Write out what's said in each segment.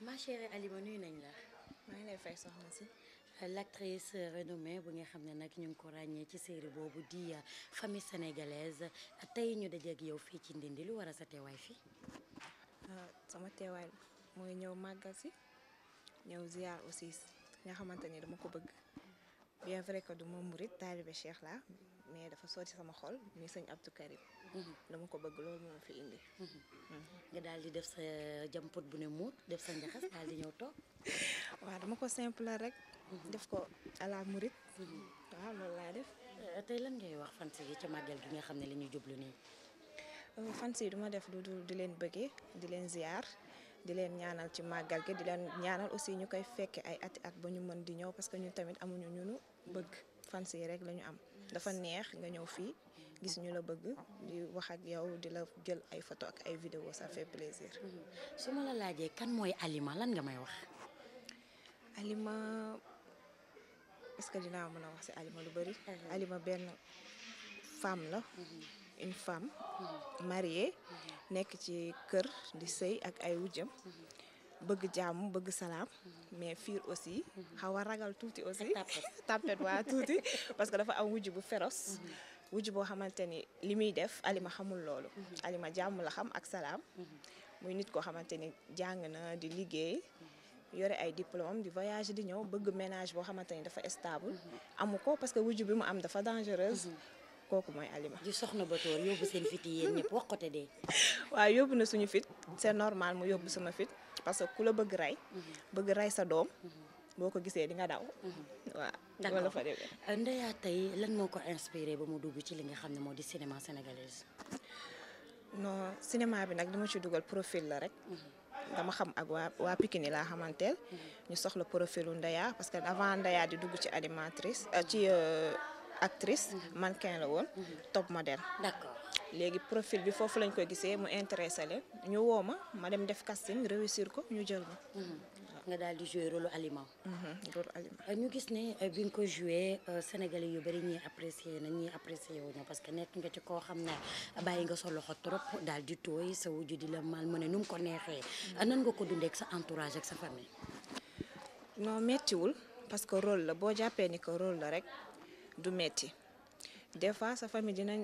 ma chère Alima nañ la. maa ngi lay fay soxna si. l'actrice renommée bu nga xam ne nag ñu ngi ko ràññee ci série boobu di famille sénégalaise tey ñu dajeeg yow fii ci Ndindi lu war a sa teewaay fii. Euh, sama teewaay mooy ñëw màggal si ñëw ziar aussi nga xamante ni dama ko bëgg bien vrai que du ma murit taalibe Cheikh la mais dafa sotti sama xol muy sëñ Abdou Karim. Mhm. dama ko bëgg loolu moo fi indi. Mhm. Mhm. nga daal di def sa jampot bu ne muut def sa njaxas daal di ñëw toog. waa dama ko simple rek. def ko à la murit. waaw loolu laa def. Euh, tey lan ngay wax fans ci ca màggal gi nga xam ne la ñuy jublu nii. Euh, fans yi duma def lu dul di leen bëggee di leen ziar. di leen ñaanal ci màggal gi di leen ñaanal aussi ñu koy fekkee ay ati at ba ñu mën di ñëw parce que ñun tamit amuñu ñunu bëgg fans rek la am dafa neex nga ñëw fii gis ñu la bëgg di wax ak yow di la jël ay photo ak ay vidéo ça fait plaisir. Mhm. su ma la kan mooy Alima lan nga may wax. Alima est-ce que dinaa mën a wax si Alima lu bari. Mhm. Alima benn femme la. Mhm. une femme. mariée. nekk ci kër di sëy ak ay wujjam. bëgg jàmm bëgg salaam mais fiir aussi xaw a ragal tuuti aussi tapet waa tuuti parce que dafa am wujj bu féroce wujj boo xamante ni li muy def alima xamul loolu alima jàmm la xam ak salaam muy nit koo xamante ni jàng na di liggéey yore ay diplome di voyage di ñëw bëgg ménage boo xamante ni dafa stable amu ko parce que wujj bi mu am dafa dangereuse kooku mooy Alima. di soxna ba toor yóbbu seen wax ko te dee. waaw yóbbu na suñu fit c'est normal mu yóbbu sama fit parce que ku la bëgg rey. Mhm. bëgg ray sa doom. Mhm. boo ko gisee di nga daw. Mhm. waaw wala fa euh, tey lan moo ko inspiré ba mu dugg ci li nga xam ne moo di cinéma sénégalaise. non cinéma bi nag dama ci dugal profil la rek. dama xam ak waa waa Pikine laa xamanteel. ñu soxla profilu Ndeya parce que avant Ndeya di dugg ci animatrice euh, euh, actrice mannequin la woon top modèle d'accord léegi profil bi foofu lañ koy gisee mu intéressé leen ñu woo ma ma dem def casting réussir ko ñu jël ma mhm. nga daal di joué rôle aliment mhm, rôle euh, ñu gis ne euh, bi nga ko joué euh, sénégalais yu bëri ñii apprécié na ñii apprécié wuñu parce que nekk nga ci ko xam ne bàyyi nga sa loxo trop daal di tooy sa wujju di la mal mu ne nu mu ko neexee mhm. nan nga ko dundee ak sa entourage ak sa famille non mettiwul parce que rôle la boo jàppee ni que rôle la rek du metti des fois sa famille dinañ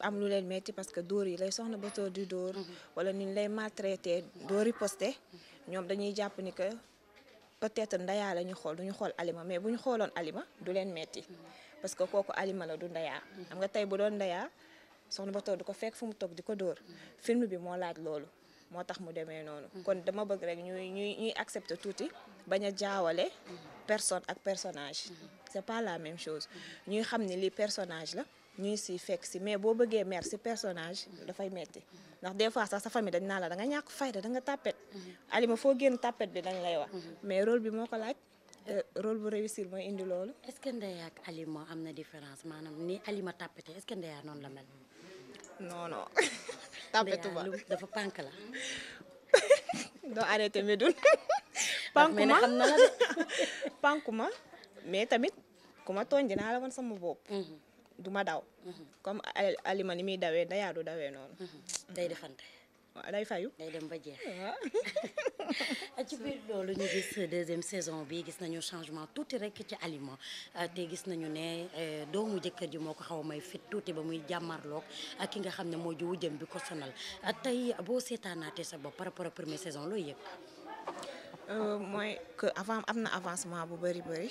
am lu leen metti parce que dóor yi lay soxna ba tóor di dóor mhm. wala ni ñu lay maltraité dóor yi posté mhm. ñoom dañuy jàpp ni que peut-être ndayaa la ñu xool du ñu xool alima mais bu ñu xooloon alima du leen metti mhm. parce que kooku alima la du ndayaa xam nga tey bu doon ndayaa soxna ba tóor du ko fekk fu mu toog di ko dóor film bi moo laaj loolu moo tax mu demee noonu kon dama bëgg rek ñuy ñuy ñuy tuuti bañ a jaawale personne ak personnage c'est pas la même chose ñuy xam ne lii personnage la ñuy si fekk si mais boo bëggee mer si personnage dafay metti ndax des fois sax sa famille dañ naa la da nga ñàkk fayda da nga tàppet alima foo génn tàppet bi dañ lay wax mais role bi moo ko laaj euh, role bu réussir mooy indi loolu est-ce que Ndeya ak Alima am na différence maanaam ni Alima tàppete est-ce que Ndeya noonu la mel non non tàppetu ba dafa pànk la doo panku ma xam na la de panku ma mais tamit ku ma tooñ dinaa sama bopp. Mhm. du ma daw. Mhm. comme alima ni muy dawee dayaa du dawee noonu. Mhm. day defante. waaw day fayu day dem ba jeex. Ah, ci gis deuxième saison bi gis nañu changement tuuti rek ci aliment ah, te nañu ne eh, doomu jëkkër ji moo ko xaw a may fit tuuti ba muy jàmmarloog ak ah, ki nga xam ne moo ji wujjam bi ko sonal tey boo seetaanaatee sa bopp par rapport ak première saison looy yëg. Euh, mooy que avant am na avancement bu bëri bëri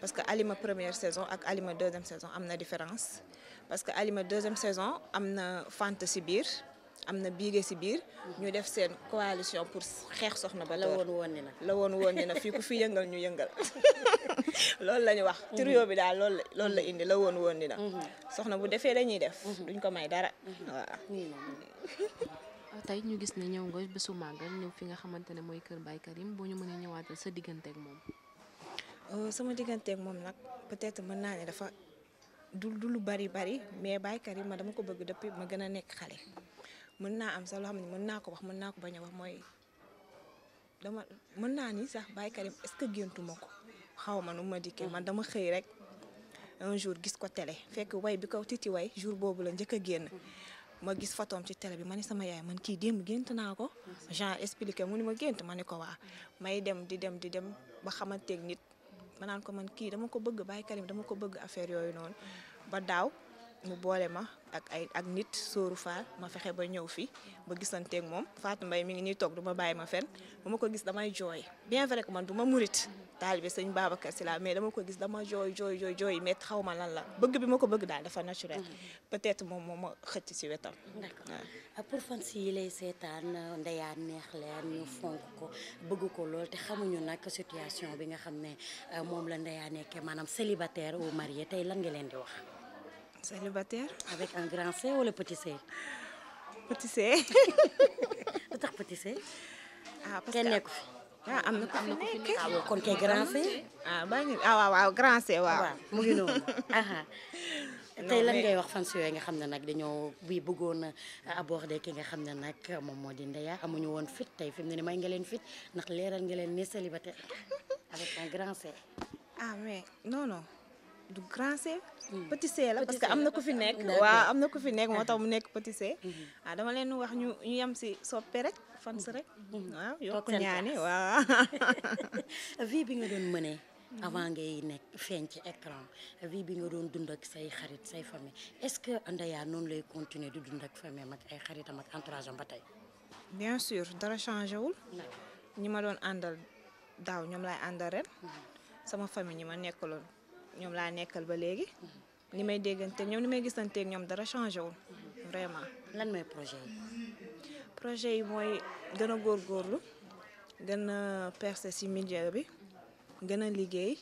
parce que Alima première saison ak Alima deuxième saison am na différence parce que Alima deuxième saison am na fant si biir am na biige si biir ñu def seen coalition pour xeex soxna ba la woon woon ni la woon woon ni na fii ku fi yëngal ñu yëngal loolu la ñu wax mhm. trio bi daal lool la loolu la indi la woon woon ni na mhm. soxna bu defee la ñuy def mhm. duñ ko may dara waaw tey ñu gis ne ñëw nga bésu màggal ñëw fi nga xamante ne mooy kër Baye Karim boo ñu mënee ñëwaatal sa digganteeg moom. Euh, sama digganteeg moom nag peut-être mën naa ne dafa du du lu bari bari mais Baye Karim ma dama ko bëgg depuis ma gën a nekk xale. mën naa am sax loo xam ne mën naa ko wax mën naa ko bañ a wax mooy dama mën naa ni sax Baye Karim est-ce que géntu ma ko xaw ma nu ma dikkee man dama xëy rek. un jour gis ko télé fekk way bi ko titi way jour boobu la njëkk a génn ma gis photom ci télé bi ma ne sama yaay man kii démb gént naa ko Jean expliqué mu ni ma gént ma ne ko waa may dem di dem di dem ba xamanteeg nit ma naan ko man kii dama ko bëgg bàyyi karim dama ko bëgg affaire yooyu noonu ba daaw mu boole ma ak ay ak nit sóoru faal ma fexe ba ñëw fi ba gisanteek moom Fatou Mbaye mi ngi nii toog du ma bàyyi ma fen bu ma ko gis damay jooy bien vrai man du ma murit taalibe sëñ Babacar la mais dama ko gis dama jooy jooy jooy jooy mais xaw ma lan la bëgg bi ma ko bëgg daal dafa naturel mm-hmm. peut-être moom moo si wetam. d'accord ah, pour si lay seetaan ndeyaa neex leen ñu fonk bëgg ko lool te xamuñu nag situation bi nga xam ne moom la ndeyaa nekkee maanaam célibataire ou marié tey lan nga leen di wax. célibataire. avec un grand C wala petit C. petit C. lu tax petit C. ah parce ah am na ko fi nekk ah kon kay grand C. ah baa ngi ah waaw grand C ah, waaw. mu ngi noonu. tey lan ngay wax fan si yooyu nga xam ne nag dañoo bi bëggoon a aborder nga xam ne nag moom moo di Ndeya amuñu woon fit tey fi mu ne ni may nga leen fit ndax leeral nga leen ne célibataire avec un grand C. ah mais non du grand hmm. C. petit la parce que am na ku fi nekk. waaw am na ku fi nekk moo tax mu nekk petit C. Hmm. ah dama leen wax ñu ñu yem si soppe rek fans hmm. rek. waaw yokku ñaani waaw. vie bi nga doon mënee. avant ngay nekk feeñ ci écran vie bi nga doon dund ak say xarit say famille est-ce que Ndeya lay continuer di dund ak famille am ak ay xaritam ak entourage ba tey. bien sûr dara changé wul. ñi ma doon àndal daaw ñoom lay àndal ren. sama famille ñi ma nekkaloon. ñoom laa nekkal ba léegi li may dégganteeg ñoom li may gisanteeg ñoom dara changé wul vraiment. lan mooy projet yi. projet yi mooy gën góor góorlu gën a percer ci milieu bi gën a liggéey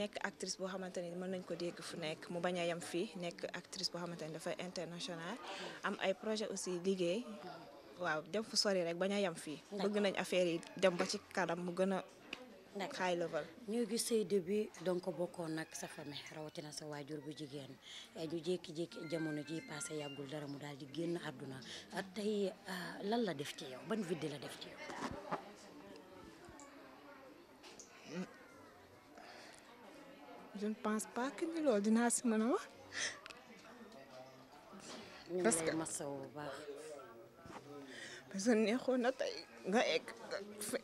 nekk actrice boo xamante ni mën nañ ko dégg fu nekk mu bañ a yem fii nekk actrice boo xamante ni dafay international am ay projet aussi liggéey waaw dem fu sori rek bañ a yem fii. bëgg nañ affaire dem ba ci kanam mu gën nekk high level. ñoo gis say début donc bokkoon nag sa famille rawatina sa waajur bu jigéen eh, ñu jékki-jékki jamono ji passé yàggul dara mu daal di génn àdduna ah, tey ah, lan la def ci yow ban vidde la def ci yow. je ne pense pas que ni dinaa si mën a wax. parce que masawu baax. parce neexoon na tey nga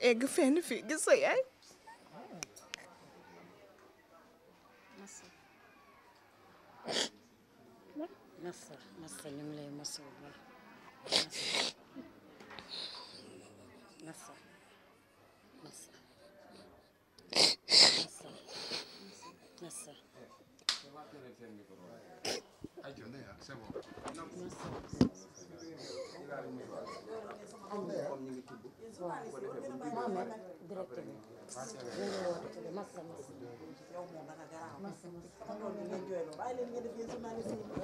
egg fenn fii gis sa yaay. massa massa ñu ngi lay massa bu baax massa massa massa massa direct bi ñu ngi woote ci massa massa yow moom massa massa